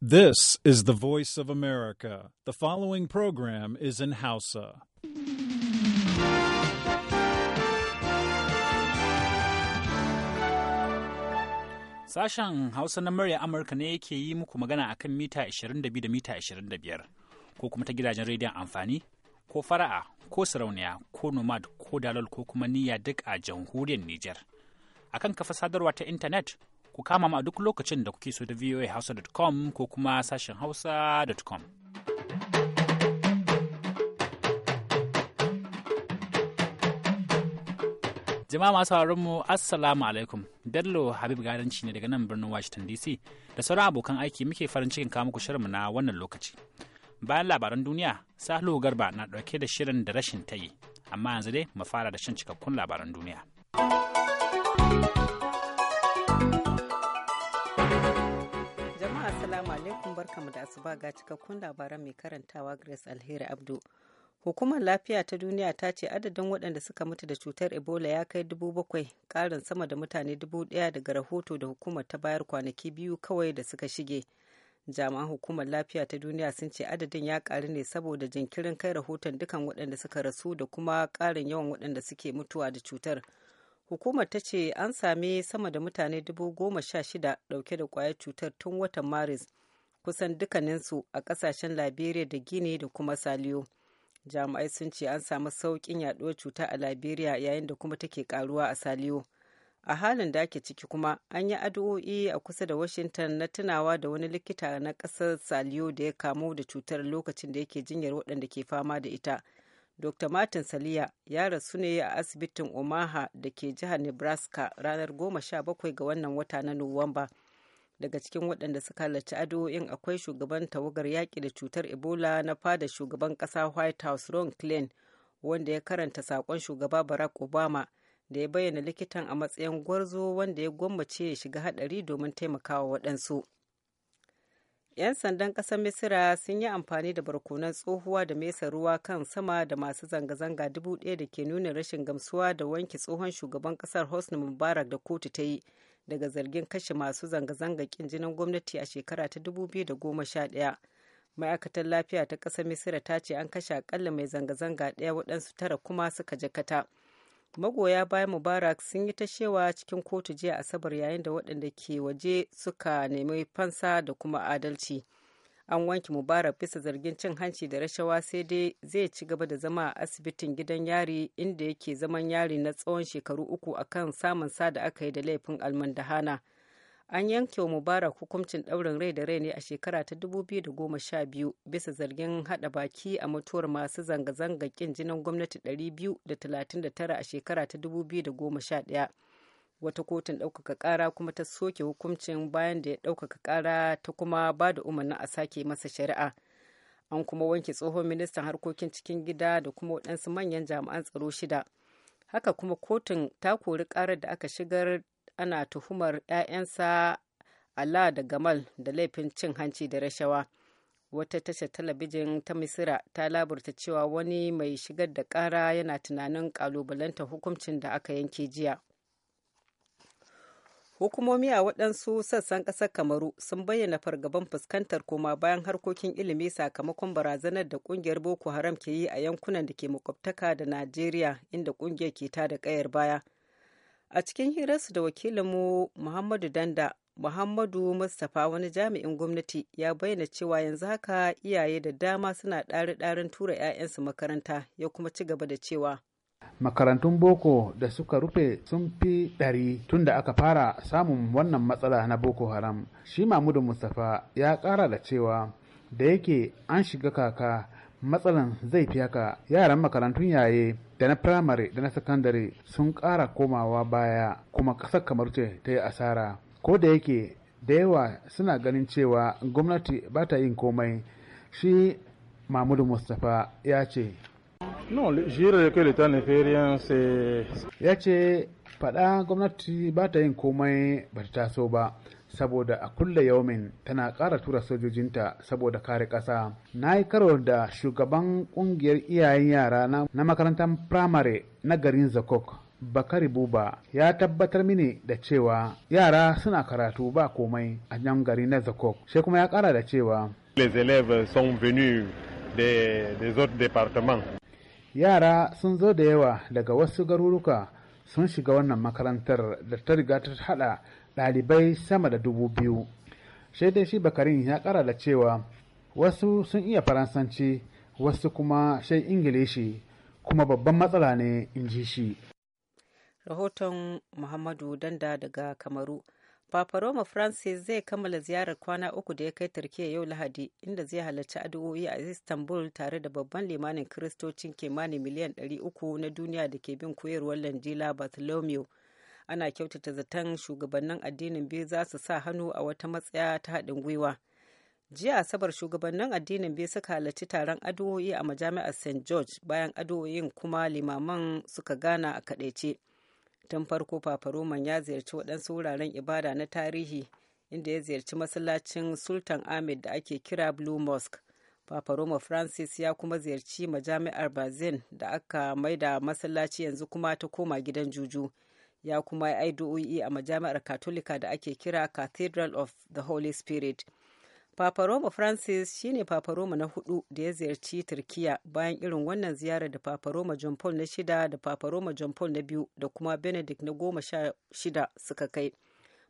This is the voice of America. The following program is in Hausa. Sashen Hausa na murya Amurka ne yake yi muku magana akan mita 22 da mita 25 ko kuma ta gidajen rediyon amfani ko fara'a ko sarauniya ko nomad ko dalol ko kuma niyya duk a jamhuriyar Nijar. Akan kafa sadarwa ta intanet ku kama mu a duk lokacin da kuke so da voahausa.com ko kuma sashen hausa.com. Jama'a masu sauraron mu Assalamu alaikum. Bello Habib Garanci ne daga nan birnin Washington DC da sauran abokan aiki muke farin cikin kawo muku shirinmu na wannan lokaci. Bayan labaran duniya, sahlo Garba na ɗauke da shirin da rashin tayi. Amma yanzu dai mu fara da shan cikakkun labaran duniya. barkamu da asuba ga cikakkun labaran mai karantawa Grace Alheri Abdu. Hukumar Lafiya ta Duniya ta ce adadin waɗanda suka mutu da cutar Ebola ya kai dubu bakwai ƙarin sama da mutane dubu ɗaya daga rahoto da hukumar ta bayar kwanaki biyu kawai da suka shige. Jami'an hukumar lafiya ta duniya sun ce adadin ya ƙaru ne saboda jinkirin kai rahoton dukan waɗanda suka rasu da kuma ƙarin yawan waɗanda suke mutuwa da cutar. hukumar ta ce an sami sama da mutane dubu goma sha shida ɗauke da kwayar cutar tun watan maris kusan dukkaninsu a kasashen liberia da guinea da kuma saliyo jami'ai sun ce an samu sauƙin yaduwar cuta a liberia yayin da kuma take karuwa a saliyo a halin da ake ciki kuma an yi addu'o'i a kusa da washington na tunawa da wani likita na ƙasar saliyo da ya kamu da cutar lokacin da yake jinyar waɗanda ke fama da ita dr martin saliya ya rasu ne a asibitin omaha da ke jihar nebraska ranar 17 ga wannan wata na nuwamba. daga cikin waɗanda suka halarci addu'o'in akwai shugaban tawagar yaƙi da cutar ebola na fada shugaban ƙasa white house ron klein wanda ya karanta saƙon shugaba barack obama da ya bayyana likitan a matsayin gwarzo wanda ya gwammace ya shiga haɗari domin taimakawa waɗansu 'yan sandan ƙasar misira sun yi amfani da barkonan tsohuwa da mesa ruwa kan sama da masu zanga-zanga dubu ɗaya da ke nuna rashin gamsuwa da wanke tsohon shugaban ƙasar hosni mubarak da kotu ta yi daga zargin kashe masu zanga-zanga kin jinin gwamnati a shekara ta 2011 ma'aikatar lafiya ta ƙasar misira ta ce an kashe akalla mai zanga-zanga ɗaya waɗansu tara kuma suka jakata magoya bayan mubarak sun yi ta shewa cikin kotu jiya asabar yayin da waɗanda ke waje suka nemi fansa da kuma adalci an wanke mubarak bisa zargin cin hanci da rashawa sai dai zai ci gaba da zama a asibitin gidan yari inda yake zaman yari na tsawon shekaru uku akan samun sa da aka yi da laifin almandahana an yanke wa mubarak hukuncin ɗaurin rai da rai ne a shekara ta 2012 bisa zargin hada baki a mutuwar masu zanga-zanga kin jinin gwamnati 239 a shekara ta 2011 wata kotun ɗaukaka ƙara kuma ta soke hukuncin bayan da ya ɗaukaka ƙara ta kuma ba da umarnin a sake masa shari'a an kuma wanke tsohon ministan harkokin cikin gida da kuma waɗansu manyan jami'an tsaro shida haka kuma kotun ta kori ƙarar da aka shigar ana tuhumar 'ya'yansa ala da gamal da laifin cin hanci da rashawa wata tashar talabijin ta misira ta laburta cewa wani mai shigar da ƙara yana tunanin ƙalubalanta hukuncin da aka yanke jiya hukumomi a waɗansu sassan ƙasar kamaru sun bayyana fargaban fuskantar koma bayan harkokin ilimi sakamakon barazanar da ƙungiyar boko haram ke yi a yankunan da ke makwabtaka da najeriya inda ƙungiyar ke ta da ƙayar baya a cikin hirarsu da wakilinmu muhammadu danda muhammadu mustapha wani jami'in gwamnati ya bayyana cewa yanzu haka iyaye da dama suna ɗari-ɗarin tura 'ya'yansu makaranta ya kuma ci gaba da cewa makarantun boko da suka rufe sun fi ɗari tun da aka fara samun wannan matsala na boko haram shi mamudu mustapha ya ƙara da cewa da yake an shiga kaka matsalan zai fi haka yaran makarantun yaye da na firamare da na sakandare sun ƙara komawa baya kuma ƙasar kamar ce ta yi asara ko da yake da yawa suna ganin cewa gwamnati ba ta yin komai shi mamudu mustapha ya ce No, ne rien, c'est... Ya ce faɗa gwamnati ba ta yin komai ba ta taso ba. saboda a kulle yaumin tana ƙara tura sojojinta saboda kare ƙasa. Na yi karo da shugaban ƙungiyar iyayen yara na makarantar firamare na garin Zakok. Bakari Buba ya tabbatar mini da cewa yara suna karatu ba komai a nan gari na Zakok. Sai kuma ya ƙara da cewa. Les élèves sont venus des, des autres départements. yara sun zo da yawa daga wasu garuruka sun shiga wannan makarantar da ta riga ta hada dalibai sama da dubu biyu sai dai shi bakarin ya kara da cewa wasu sun iya faransanci wasu kuma shai ingilishi kuma babban matsala ne in ji shi rahoton muhammadu danda daga kamaru Papa Roma Francis zai kammala ziyarar kwana uku da ya kai Turkiyya yau Lahadi, inda zai halarci addu'o'i a Istanbul tare da babban limanin Kiristocin kimanin miliyan ɗari uku na duniya da ke bin koyarwar Landila Bartholomew. Ana kyautata zaton shugabannin addinin biyu za su sa hannu a wata matsaya ta haɗin gwiwa. Jiya Asabar shugabannin addinin biyu suka halarci taron addu'o'i a majami'ar St. George bayan addu'o'in kuma limaman suka gana a kaɗaice. tun farko fafaroman ya ziyarci waɗansu wuraren ibada na tarihi inda ya ziyarci masallacin sultan ahmed da ake kira blue mosque fafaroma francis ya kuma ziyarci majami'ar bazin da aka maida masallaci yanzu kuma ta koma gidan juju ya kuma yi addu'o'i a majami'ar katolika da ake kira cathedral of the holy spirit Papa Roma Francis shine Papa Roma na hudu da ya ziyarci turkiyya bayan irin wannan ziyarar da Papa Roma John Paul na shida da Papa Roma John Paul na biyu da kuma Benedict na goma sha shida suka kai.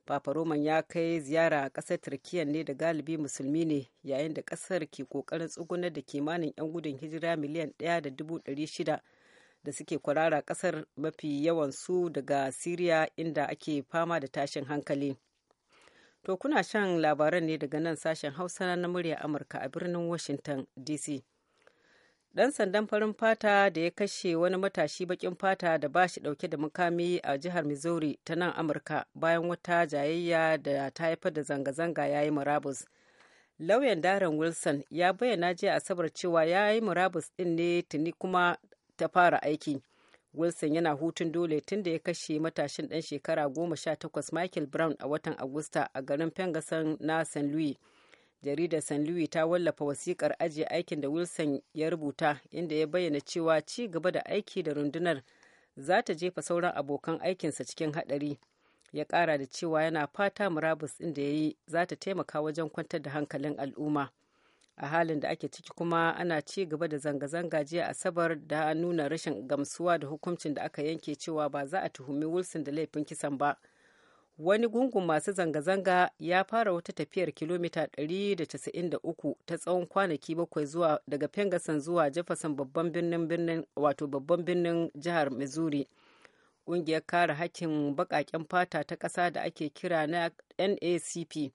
Papa Roman ya kai ziyara a ƙasar Turkiyya ne da galibi musulmi ne yayin da ƙasar ke ƙoƙarin tsugunar da kimanin 'yan gudun hijira miliyan ɗaya da dubu ɗari shida da suke kwarara ƙasar mafi yawansu daga Siriya inda ake fama da tashin hankali. To kuna shan labaran ne daga nan sashen Hausa na murya Amurka a birnin Washington DC. Ɗan sandan farin fata da ya kashe wani matashi bakin fata da ba shi ɗauke da mukami a jihar Missouri ta nan Amurka bayan wata jayayya da ta haifar da zanga-zanga ya yi murabus. Lauyan Darren Wilson ya bayyana jiya Asabar cewa ya yi murabus ɗin ne tuni kuma ta fara aiki. wilson yana hutun dole tun da ya kashe matashin ɗan shekara goma sha takwas michael brown a watan agusta a garin pengasan na st louis jaridar st louis ta wallafa wasikar ajiye aikin da wilson ya rubuta inda ya bayyana cewa ci gaba da aiki da rundunar za ta jefa sauran abokan aikinsa cikin haɗari ya ƙara da cewa yana fata murabus inda ya yi za ta taimaka wajen kwantar da hankalin al'umma a halin da ake ciki kuma ana ci gaba da zanga-zanga jiya asabar da nuna rashin gamsuwa da hukuncin da aka yanke cewa ba za a tuhumi wilson da laifin kisan ba wani gungun masu zanga-zanga ya fara wata tafiyar kilomita 193 ta tsawon kwanaki bakwai zuwa daga pengasan zuwa jefferson babban birnin birnin wato babban birnin jihar missouri ƙungiyar kare hakkin baƙaƙen fata ta ƙasa da ake kira na nacp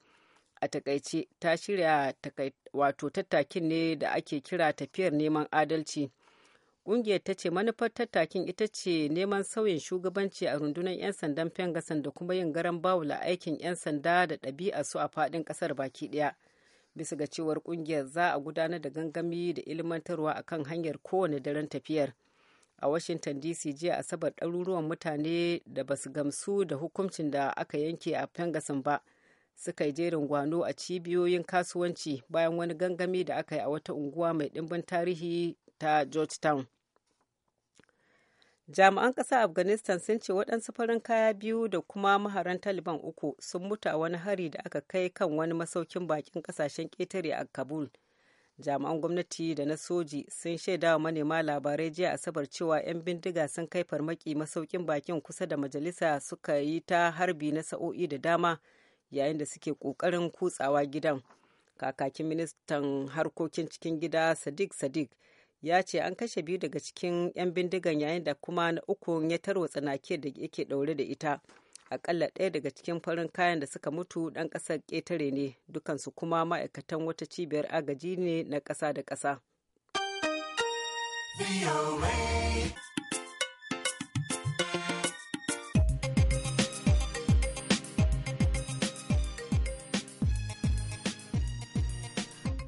a takaice ta shirya wato tattakin ne da ake kira tafiyar neman adalci ƙungiyar ta ce manufar tattakin ita ce neman sauyin shugabanci a rundunar 'yan sandan fengasan da kuma yin garan bawula aikin 'yan sanda da ɗabi'a su a faɗin ƙasar baki ɗaya bisa ga cewar ƙungiyar za a gudanar da gangami da ilmantarwa kan hanyar kowane daren tafiyar a washington dc jiya asabar ɗaruruwan mutane da basu gamsu da hukuncin da aka yanke a fengasan ba suka yi jerin gwano a cibiyoyin kasuwanci bayan wani gangami da aka yi a wata unguwa mai ɗimbin tarihi ta georgetown jami'an ƙasa afghanistan sun ce waɗansu farin kaya biyu da kuma maharan taliban uku sun mutu a wani hari da aka kai kan wani masaukin bakin ƙasashen ƙetare a kabul jami'an gwamnati da na soji sun shaida wa manema labarai jiya asabar cewa 'yan bindiga sun kai farmaki masaukin bakin kusa da majalisa suka yi ta harbi na sa'o'i da dama yayin da suke ƙoƙarin kutsawa gidan kakakin ministan harkokin cikin gida sadiq sadiq ya ce an kashe biyu daga cikin 'yan bindigan yayin da kuma na uku ya tarwa tsanake da yake ɗaure da ita akalla ɗaya daga cikin farin kayan da suka mutu ɗan ƙasar ƙetare ne dukansu kuma ma'aikatan wata cibiyar agaji ne na ƙasa da ƙasa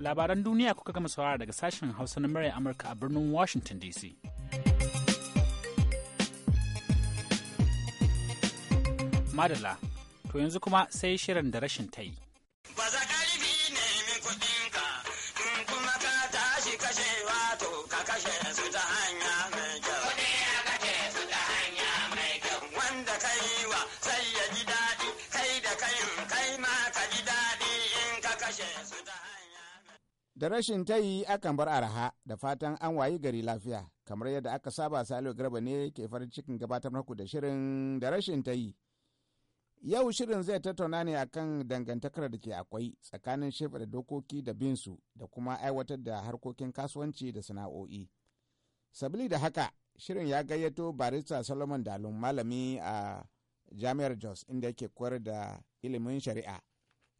labaran duniya kuka gama saurara daga sashen hausa na murya amurka a birnin washington dc madala to yanzu kuma sai shirin da rashin ta yi da rashin tayi akan bar araha da fatan an wayi gari lafiya kamar yadda aka saba salo garba ne ke farin cikin gabatar muku da shirin da rashin tayi yau shirin zai tattauna ne akan dangantakar da ke akwai tsakanin shefa da dokoki da bin su da kuma aiwatar da harkokin kasuwanci da sana'o'i sabili da haka shirin ya gayyato barista solomon dalun malami a jami'ar jos inda yake koyar da ilimin shari'a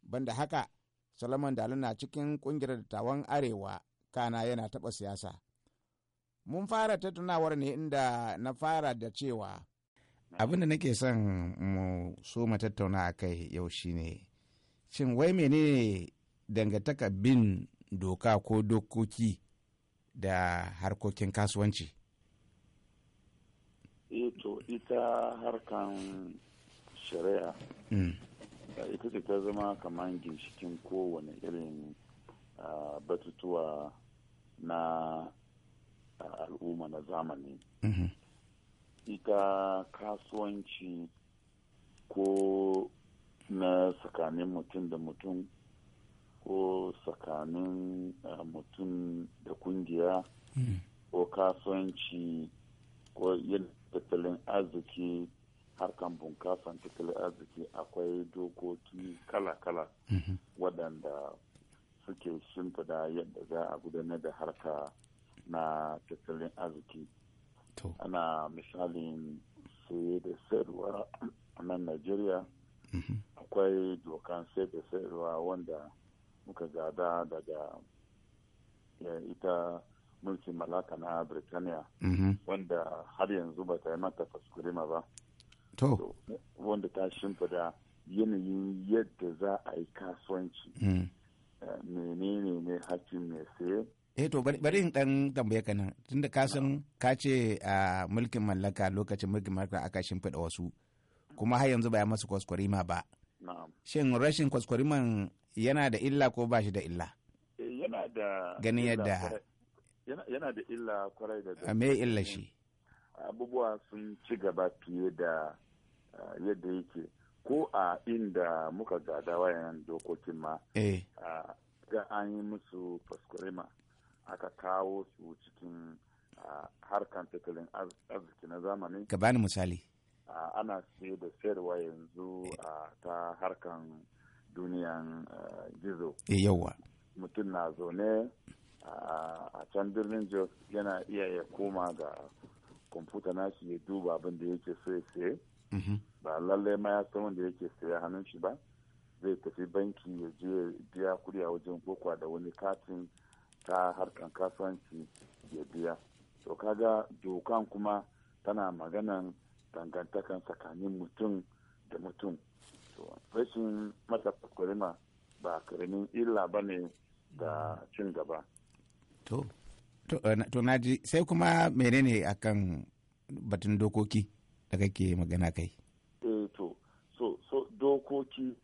banda haka solomon alu na cikin kungiyar dattawan arewa kana yana taɓa siyasa mun fara tattunawar ne inda na fara da cewa abin da nake son mu so mu tattauna a kai yau ne shin wai menene dangantaka bin doka ko dokoki da harkokin kasuwanci ito eh ita harkan shari'a mm. ita ce ta zama kamar ginshikin kowane irin batutuwa na al'umma na zamani mm-hmm. ita kasuwanci ko na tsakanin mutum da mutum ko tsakanin mutum da kungiya mm-hmm. ko kasuwanci ko yin tattalin arziki harkan bunkasan tattalin arziki akwai dokoki kala-kala mm-hmm. waɗanda suke shimfida yadda za a gudanar da harka na tattalin arziki ana misalin saye da sayarwa a nan najeriya mm-hmm. akwai dokan sai da sayarwa wanda muka gada daga ita mulkin malaka na birtaniya mm-hmm. wanda har yanzu ba ta yi mata faskurima ba to wanda ta shimfida yanayin yadda za a yi kasuwanci hmm. eh, menene ne hakkin mai saye eh to bari in dan tambaye ka nan tunda ka san ka ce a mulkin mallaka lokacin mulkin mallaka aka shimfiɗa wasu kuma har yanzu ba ya masu kwaskwarima ba shin rashin kwaskwariman yana da illa ko ba shi da illa eh, yana da ganin yadda yana da illa kwarai da gaske me illa shi abubuwa sun ci gaba fiye da yadda yake ko a inda muka gada wayan dokokin ma eh. ga an yi musu faskurima aka kawo su cikin harkan tattalin arziki na zamani ka bani misali ana sai da sayarwa yanzu eh. ta harkan duniyan gizo eh, yawa mutum na zaune a can birnin jos yana iya ya koma ga kwamfuta nashi ya duba abin da yake so ya sai ba lallai ma ya san wanda yake saya hannun shi ba zai tafi banki ya je biya kuɗi a wajen kokwa da wani katin ta harkan kasuwanci ya biya to ga dokan kuma tana maganan dangantakan tsakanin mutum da mutum to rashin mata kurima ba karamin illa ba ne da cin gaba to eh, to na ji sai kuma menene akan batun dokoki da kake magana kai eh to so so dokoki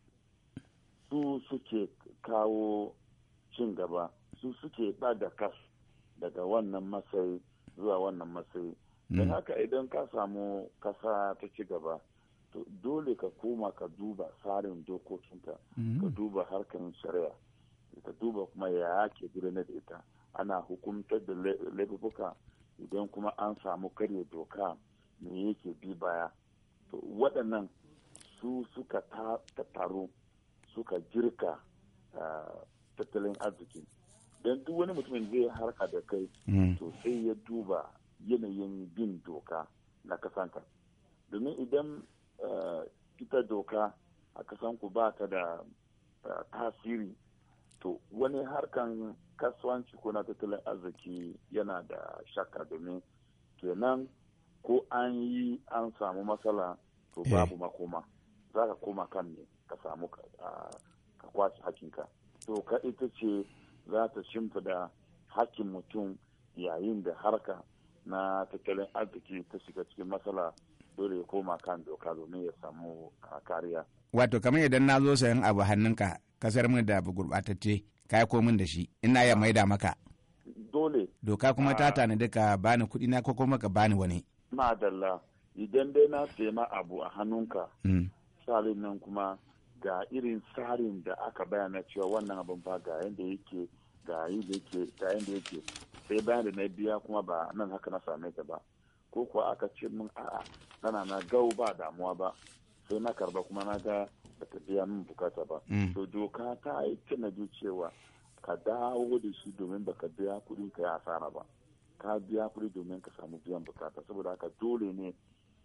su suke kawo cin gaba su suke da kas daga wannan masai zuwa wannan masai mm. don haka idan ka samu kasa ta ci gaba to dole ka koma ka duba tsarin dokokinta mm. ka duba harkar shari'a ka duba kuma ya yake gudanar da ita ana hukumtar da laifuka idan kuma an samu karya doka me yake bi baya to waɗannan su suka taro suka jirka ah, tattalin arziki don duk wani mutumin zai harka da kai hmm. to sai ya duba yanayin bin doka na kasanka domin idan ah, ita doka a kasanku ba ta da ah, tasiri to wani harkan kasuwanci ko na tattalin arziki yana da shakka domin kenan ko an yi an samu matsala to eh. babu makoma za ka koma kan ne ka samu ka kwace hakinka to ka ita ce za ta shimfida hakin mutum yayin da harka na tattalin arziki ta shiga cikin matsala dole ya koma kan doka domin ya samu kariya wato kamar idan na zo sayan abu hannunka kasar min da abu gurɓatacce ka yi komin da shi ina ya maida maka dole doka kuma ta tani duka bani kuɗi na ko ka bani wani madalla idan dai na sema abu a hannunka tsarin hmm. nan kuma ga irin tsarin da aka bayana cewa wannan abin fa ga yadda yake ga yadda yake ga yadda yake sai bayan da na biya kuma ba nan haka na same ta ba ko kuwa aka ce min a'a tana na gau ba damuwa ba sai na karba kuma na ga ba ta biya min bukata ba hmm. to doka ta yi tunaju cewa ka dawo da shi domin ka biya kuɗin ka ya asara ba ka biya kuɗi domin ka samu biyan bukata saboda haka dole ne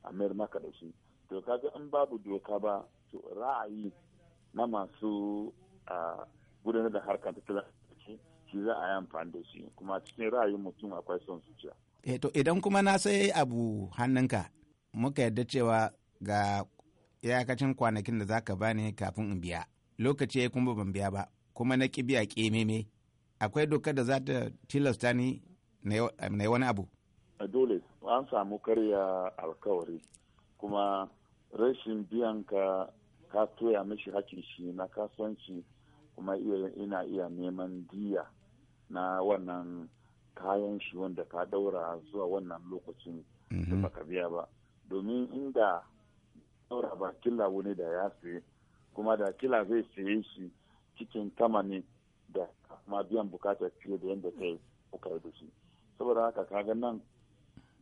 a mayar maka da shi to kaga in babu doka ba to ra'ayi na masu gudanar da harkar tattalin arziki shi za a yi amfani da shi kuma cikin ra'ayin mutum akwai son zuciya. Eh, to idan kuma na sai abu hannunka muka yarda cewa ga iyakacin kwanakin da za ka bani kafin in biya lokaci ya kuma ban biya ba kuma na ƙi biya kememe akwai dokar da za ta tilasta ni na wani abu dole an samu karya alkawari kuma rashin biyan ka ka toya mishi hakin shi na kasuwanci kuma ina iya neman diya na wannan kayan shi wanda ka daura zuwa wannan lokacin da mhm. baka biya ba domin inda daura ba killa wani da ya saye kuma da kila zai saye shi cikin kama ne da ma biyan bukatar fiye da yadda kai kuka yi da shi saboda haka kaga nan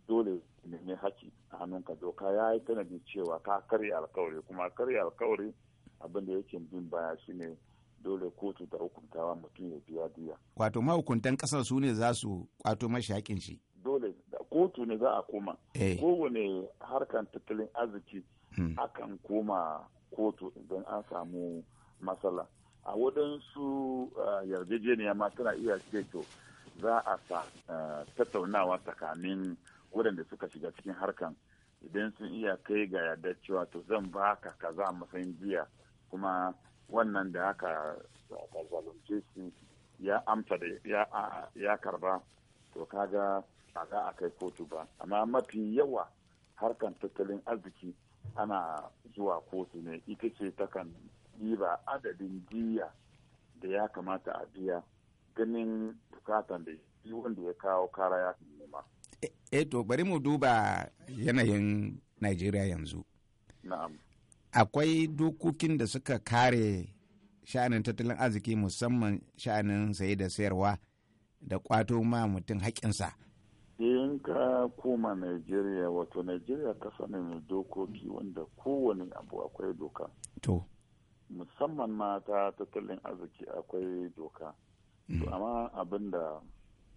dole nemi haki a hannunka doka ya yi tanadi cewa ka karya alkawari kuma karya alkawari abin da yake bin baya shine dole kotu da hukuntawa mutum ya biya diya wato mahukuntan kasar su ne za su kwato mashi hakin shi dole kotu ne za a koma eh. kowane harkan tattalin arziki hmm. akan koma kotu idan an samu matsala a wadansu ah, yarjejeniya ma tana iya ce to za a sa eh, tattaunawa tsakanin waɗanda suka shiga cikin harkan idan sun iya kai ga yarda cewa to zan ba ka kaza matsayin jiya kuma wannan da aka zalunce shi ya amsa da ya karba to kaga ba za a kai kotu ba amma mafi yawa harkan tattalin arziki ana zuwa kotu ne ita ce takan ɗiba adadin jiya da ya kamata a biya ganin bukatan da shi wanda ya kawo kara ya nema. E eh, to bari mu duba yanayin Najeriya yanzu. Na'am. Akwai dokokin da suka kare sha'anin tattalin arziki musamman sha'anin saye da sayarwa da kwato ma mutum haƙƙinsa. In ka koma Najeriya wato Najeriya kasa ne mai dokoki wanda kowane abu akwai doka. To. Musamman ma ta tattalin arziki akwai doka. Mm. to amma abin da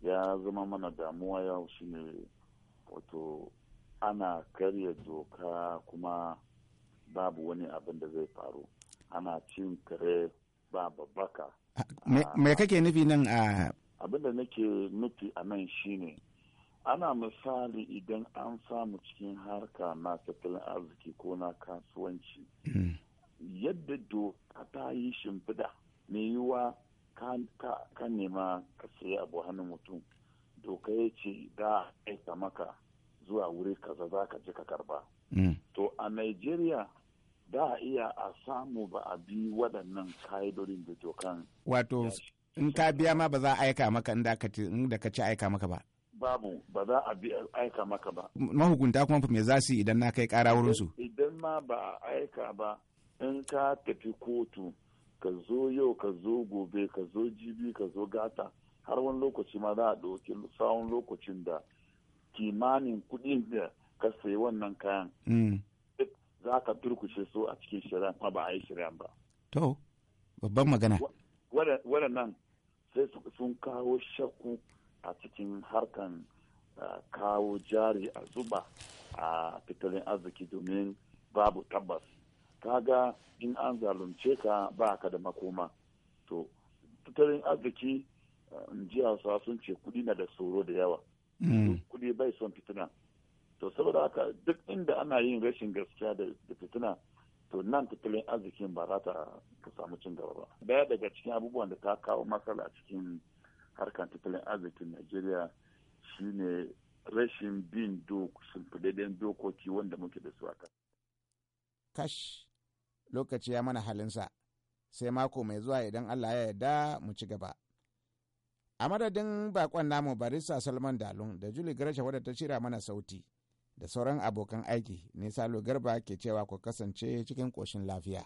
ya zama mana damuwa yau shine wato ana karya doka kuma babu wani abin da zai faru ana cin kare ba babbaka mai ah, kake nufi nan a abin da nake nufi a nan shine ana misali idan an samu cikin harka na tattalin arziki ko na kasuwanci mm. yadda doka ta yi shimfiɗa mai yiwuwa ka nema ka sayi abu hannun mutum doka ya ce da aika maka zuwa wuri kaza za ka ji ka karba mm. to a nigeria da iya a samu ba a bi waɗannan ka'idodin da dokan wato in ka biya ma ba za a aika maka inda ka ci aika maka ba babu ba za a bi aika maka ba. Mahukunta kuma me za su idan na kai kara wurin su? Idan ma ba a aika ba in ka tafi kotu ka zo yau ka zo gobe ka zo jibi ka zo gata har wani lokaci ma za a ɗauki tsawon lokacin da kimanin kuɗi da ka sayi wannan kayan hmm. duk za ka turkushe su a cikin shirya kuma ba a yi shari'a ba. To, babban magana. Waɗannan sai sun kawo shakku a cikin harkan kawo jari a zuba a fitilin arziki domin babu tabbas. kaga in an zalunce ka ba ka da makoma to tattalin arziki eh, ji hausawa sun ce kudi na da tsoro da yawa mm. kudi bai son fitina to saboda haka duk inda ana yin rashin gaskiya da fitina to nan tattalin arzikin ba za ta samu cin gaba ba daya daga cikin abubuwan da ta kawo matsala a cikin harkar tattalin arzikin najeriya shine rashin bin dokokin dokoki wanda muke da su a kash lokaci ya mana halinsa sai mako mai zuwa idan allah ya yarda mu ci gaba a madadin bakon namu barisa salman dalun da juli garsha wadda ta shira mana sauti da sauran abokan aiki ne salo garba ke cewa ku kasance cikin ƙoshin lafiya.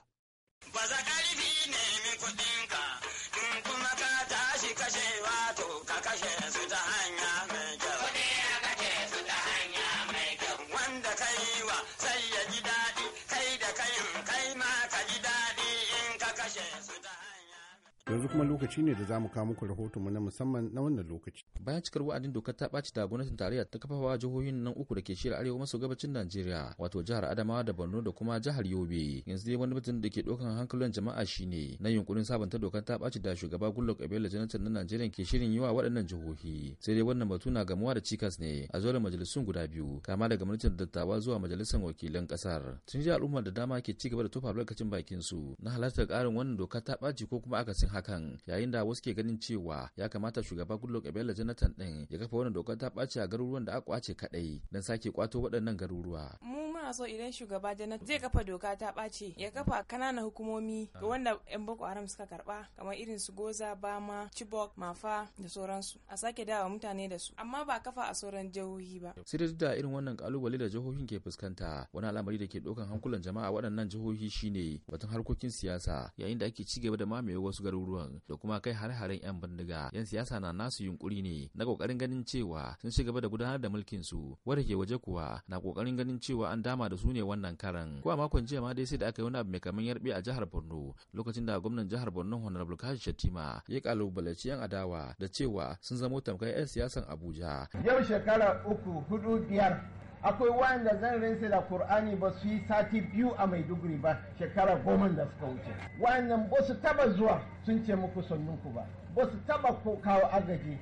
kuma lokaci ne da za mu kawo muku rahotonmu na musamman na wannan lokaci. Bayan cikar wa'adin dokar ta ɓaci da gwamnatin tarayya ta kafawa jihohin nan uku da ke shirya arewa maso gabacin Najeriya wato jihar Adamawa da Borno da kuma jihar Yobe. Yanzu dai wani mutum da ke ɗaukan hankalin jama'a shine na yunkurin sabanta dokar ta ɓaci da shugaba Goodluck Ebele Jonathan na Najeriya ke shirin yi wa waɗannan jihohi. Sai dai wannan batu na gamuwa da cikas ne a zuwa majalisun guda biyu kama daga gwamnatin dattawa zuwa majalisar wakilan ƙasar. Tun ji al'ummar da dama ke ci gaba da tofa lokacin bakin su na halartar ƙarin wannan dokar ta ɓaci ko kuma akasin hakan. Jonathan yayin da wasu ke ganin cewa ya kamata shugaba Goodluck Ebele Jonathan din ya kafa wani dokar ta ɓace a garuruwan da aka kwace kaɗai don sake kwato waɗannan garuruwa. Mu muna so idan shugaba janar zai kafa doka ta ɓace ya kafa kananan hukumomi ga wanda 'yan boko haram suka karba kamar irin su goza bama chibok mafa da sauransu a sake dawa mutane da su amma ba kafa a sauran jihohi ba sai da da irin wannan kalubale da jihohin ke fuskanta wani al'amari da ke ɗaukan hankulan jama'a waɗannan jihohi shine batun harkokin siyasa yayin da ake cigaba da mamaye wasu garuruwan da kuma kai har-haren 'yan bindiga 'yan siyasa na nasu yunkuri ne na kokarin ganin cewa sun shiga da gudanar da mulkin su wanda ke waje kuwa na kokarin ganin cewa an da dama da su ne wannan karan ko a makon jiya ma dai sai da aka yi wani abu mai kamar yarbe a jihar Borno lokacin da gwamnan jihar Borno Honorable Kashi Shatima ya kalubalanci yan adawa da cewa sun zamo tamkar 'yan siyasan Abuja yau shekara uku hudu biyar akwai wanda zan rinsa da Kur'ani ba su yi sati biyu a Maiduguri ba shekara goma da suka wuce. wannan ba su taba zuwa sun ce muku sannunku ba, ba su taba kawo agaji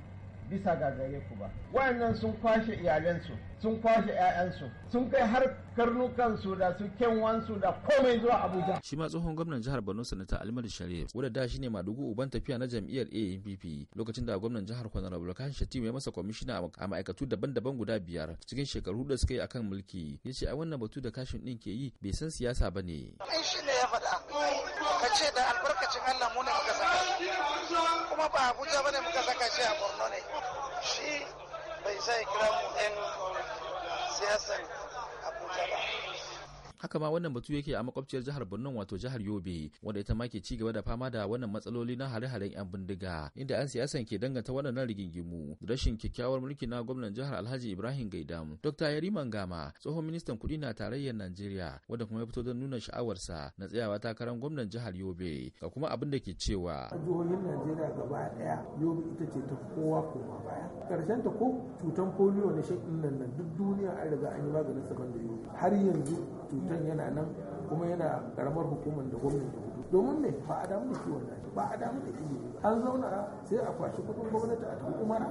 bisa ga gare ku ba. wannan sun kwashe iyalansu, sun kwashe 'ya'yansu, sun kai har karnukansu da su kyanwansu da komai zuwa abuja shi ma tsohon gwamnan jihar borno sanata almar sharif wadda da shi ne madugu uban tafiya na jam'iyyar anpp lokacin da gwamnan jihar honorable kan shatima ya masa kwamishina a ma'aikatu daban-daban guda biyar cikin shekaru da suka yi akan mulki ya ce a wannan batu da kashin din ke yi bai san siyasa ba ne shi ne ya faɗa ka ce da albarkacin allah mu ne muka saka kuma ba abuja ba ne muka saka shi a borno ne shi bai sai kira mu 'yan siyasar 还不加吧。haka ma wannan batu yake a makwabciyar jihar Borno wato jihar Yobe wanda ita ma ke ci gaba da fama da wannan matsaloli na hare-haren yan bindiga inda an siyasan ke danganta wannan rigingimu rashin kyakkyawar mulki na gwamnan jihar Alhaji Ibrahim Gaidam Dr. yariman gama tsohon ministan kudi na tarayyar Najeriya wanda kuma ya fito don nuna sha'awarsa na tsayawa takarar gwamnan jihar Yobe ga kuma abin da ke cewa jihohin Najeriya gaba daya Yobe ita ce ta kowa koma baya karshen ta ko cutan polio na shekin nan duk duniya an riga an yi maganin sa da Yobe har yanzu cutan yana nan kuma yana karamar hukumar da gwamnati domin ne ba a damu da kiwon an zauna sai a kwashi kudin gwamnati a umara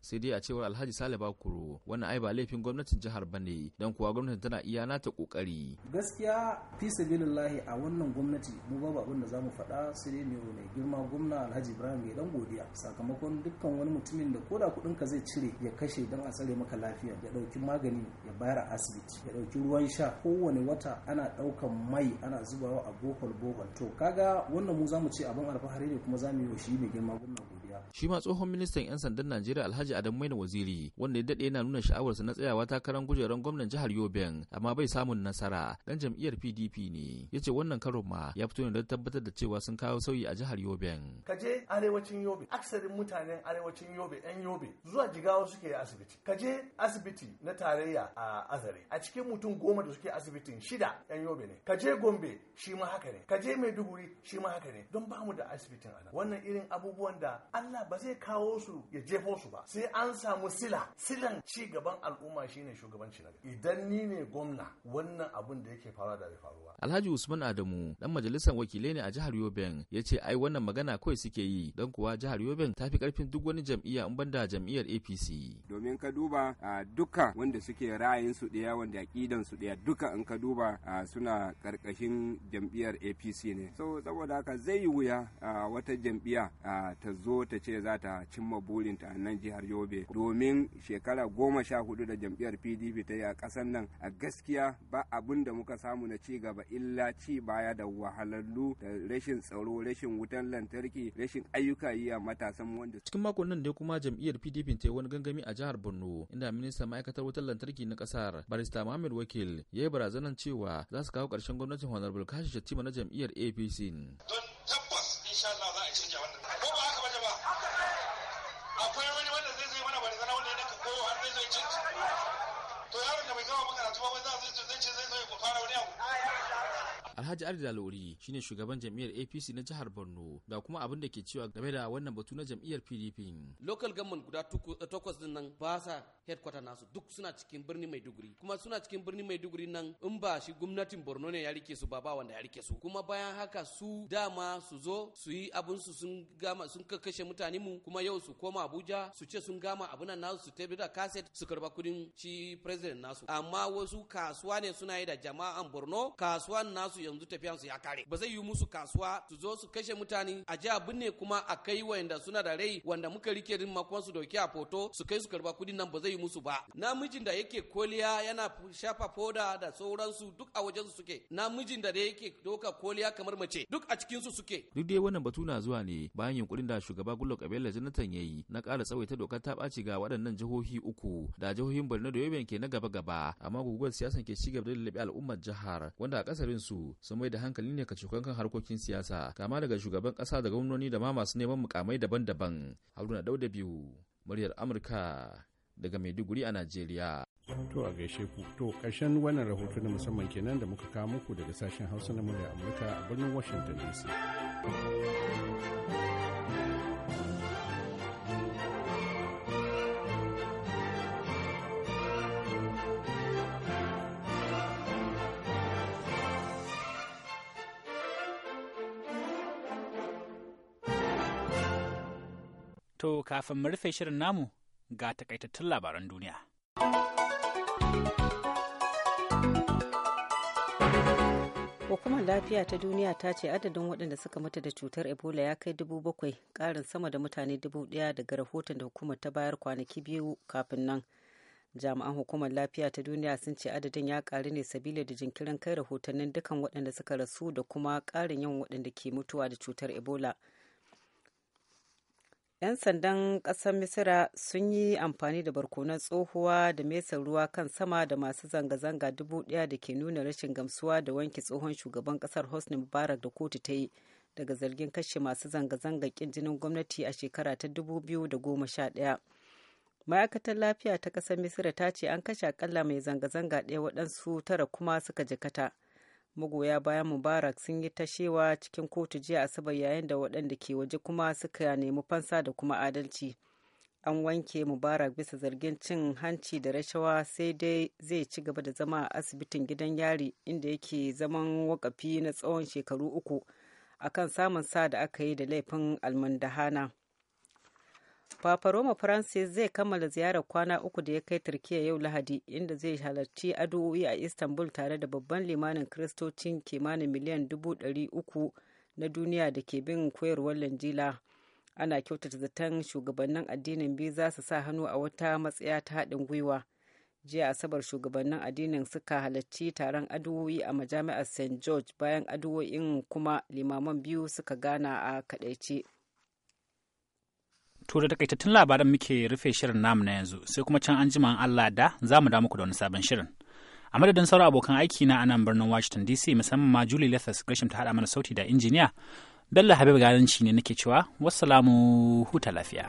sai dai a cewar alhaji sale bakuro wannan ai ba laifin gwamnatin jihar ba ne don kuwa gwamnatin tana iya nata kokari gaskiya fi sabilillahi a wannan gwamnati mu babu abin da zamu faɗa sai dai ne mai girma gwamna alhaji ibrahim ya dan godiya sakamakon dukkan wani mutumin da koda kuɗin ka zai cire ya kashe don a tsare maka lafiya ya ɗauki magani ya bayar a asibiti ya ɗauki ruwan sha kowane wata ana ɗaukan mai ana zubawa a bokol bokol to kaga wannan mu zamu ce abin alfahari ne kuma za mu yi wa shi mai girma gwamna ba. Shi ma tsohon ministan 'yan sandan Najeriya Alhaji Adam Maina Waziri wanda ya dade yana nuna sha'awarsa na tsayawa takarar gujeran gwamnan jihar Yoben amma bai samun nasara dan jam'iyyar PDP ne. Ya ce wannan karon ma ya fito ne don tabbatar da cewa sun kawo sauyi a jihar Yoben. Ka je arewacin Yobe aksarin mutanen arewacin Yobe 'yan Yobe zuwa jigawa suke yi asibiti. Ka je asibiti na tarayya a Azare a cikin mutum goma da suke asibitin shida 'yan Yobe ne. Ka je Gombe shi ma haka ne. Ka je Maiduguri shi ma haka ne. Don ba mu da asibitin a nan. Wannan irin abubuwan da an Allah ba zai kawo su ya jefo su ba sai an samu sila silan ci gaban al'umma shine shugabanci na idan ni ne gwamna wannan abun da yake faruwa da faruwa Alhaji Usman Adamu dan majalisar wakilai ne a jihar Yoben, ya ce ai wannan magana kawai suke yi dan kuwa jihar Yoben ta fi karfin duk wani jam'iyya in banda jam'iyyar APC domin ka duba duka wanda suke ra'ayin su daya wanda aqidan su daya duka in ka duba suna karkashin jam'iyyar APC ne so saboda haka zai yi wuya wata jam'iyya ta zo ta ta ce za ta cimma burinta a nan jihar yobe domin shekara goma sha hudu da jam'iyyar pdp ta yi a ƙasar nan a gaskiya ba abin da muka samu na ci gaba illa ci baya da wahalallu da rashin tsaro rashin wutan lantarki rashin ayyuka yi a matasan wanda cikin makon ne kuma jam'iyyar pdp ta yi wani gangami a jihar borno inda ministan ma'aikatar wutar lantarki na kasar barista muhammad wakil ya yi barazanar cewa za su kawo ƙarshen gwamnatin honorable kashi shattima na jam'iyyar apc don tabbas 你看，我给他结婚，为啥子？就认亲认祖也不考我 Alhaji Arda Lori shine shugaban jam'iyyar APC na jihar Borno ga kuma abin da ke cewa game da wannan batu na jam'iyyar PDP. Local government guda eh, takwas din nan ba sa headquarter nasu duk suna cikin mai Maiduguri kuma suna cikin mai Maiduguri nan in ba shi gwamnatin Borno ne ya rike su ba ba wanda ya rike su kuma bayan haka su dama su zo su yi abin su sun gama sun kakkashe mutane mu kuma yau su koma Abuja su ce sun gama abin nan nasu su tabi da cassette su karba kudin shi president nasu amma wasu kasuwa ne suna yi da jama'an Borno kasuwan nasu yanzu tafiyansu ya kare ba zai yi musu kasuwa su zo su kashe mutane a jiya binne kuma a kai wanda suna da rai wanda muka rike din makon su dauki a foto su kai su karba kudin nan ba zai yi musu ba namijin da yake koliya yana shafa foda da sauransu duk a wajen su suke namijin da yake doka koliya kamar mace duk a cikin su suke duk dai wannan batu na zuwa ne bayan yunkurin da shugaba Goodluck Abela Jonathan yayi na ƙara tsawaita dokar ta ɓaci ga waɗannan jihohi uku da jihohin Borno da Yobe ke na gaba-gaba amma guguwar siyasan ke ci da lallabe al'ummar jihar wanda a kasarin su sun mai da hankali ne ka cikon kan harkokin siyasa kama daga shugaban kasa da gwamnoni da ma masu neman mukamai daban-daban haruna dauda biyu muryar amurka daga maiduguri a najeriya to a gaishe ku to ƙarshen wannan rahoto na musamman kenan da muka kawo muku daga sashen hausa na muryar amurka a birnin washington dc To kafin mu rufe shirin namu ga takaitattun labaran duniya. Hukumar lafiya ta duniya ta ce adadin waɗanda suka mutu da cutar Ebola ya kai dubu bakwai ƙarin sama da mutane dubu ɗaya daga rahoton da hukumar ta bayar kwanaki biyu kafin nan. Jami'an hukumar lafiya ta duniya sun ce adadin ya ƙaru ne sabila da jinkirin kai rahotannin dukan waɗanda suka rasu da kuma ƙarin yawan waɗanda ke mutuwa da cutar Ebola. 'yan sandan ƙasar misira sun yi amfani da barkonan tsohuwa da mesar ruwa kan sama da masu zanga-zanga dubu ɗaya da ke nuna rashin gamsuwa da wanke tsohon shugaban ƙasar hosni mubarak da kotu ta yi daga zargin kashe masu zanga-zanga ƙin jinin gwamnati a shekara ta dubu biyu da goma sha 2011 ma'aikatar lafiya ta ƙasar misira ta ce an kashe akalla mai zanga-zanga ɗaya waɗansu tara kuma suka jakata. magoya bayan mubarak sun yi tashewa cikin kotu jiya asabar yayin da waɗanda ke waje kuma suka nemi fansa da kuma adalci an wanke mubarak bisa zargin cin hanci da rashawa sai dai zai ci gaba da zama a asibitin gidan yari inda yake zaman wakafi na tsawon shekaru uku akan samun sa da aka yi da laifin almandahana Papa Roma Francis zai kammala ziyarar kwana uku da ya kai Turkiyya yau Lahadi inda zai halarci addu'o'i a Istanbul tare da babban limanin Kiristocin kimanin miliyan dubu ɗari uku na duniya da ke bin koyarwar Lanjila. Ana kyautata zaton shugabannin addinin biyu za su sa hannu a wata matsaya ta haɗin gwiwa. Jiya Asabar shugabannin addinin suka halarci taron addu'o'i a majami'ar St. George bayan addu'o'in kuma limaman biyu suka gana a kaɗaice. To da takaitattun labaran muke rufe shirin namu na yanzu sai kuma can an jima Allah da za mu da ku da wani sabon shirin. A madadin sauran abokan aiki na anan birnin Washington DC musamman ma Julie Lethas Gresham ta haɗa mana sauti da injiniya. Bello Habib Garanci ne nake cewa wassalamu huta lafiya.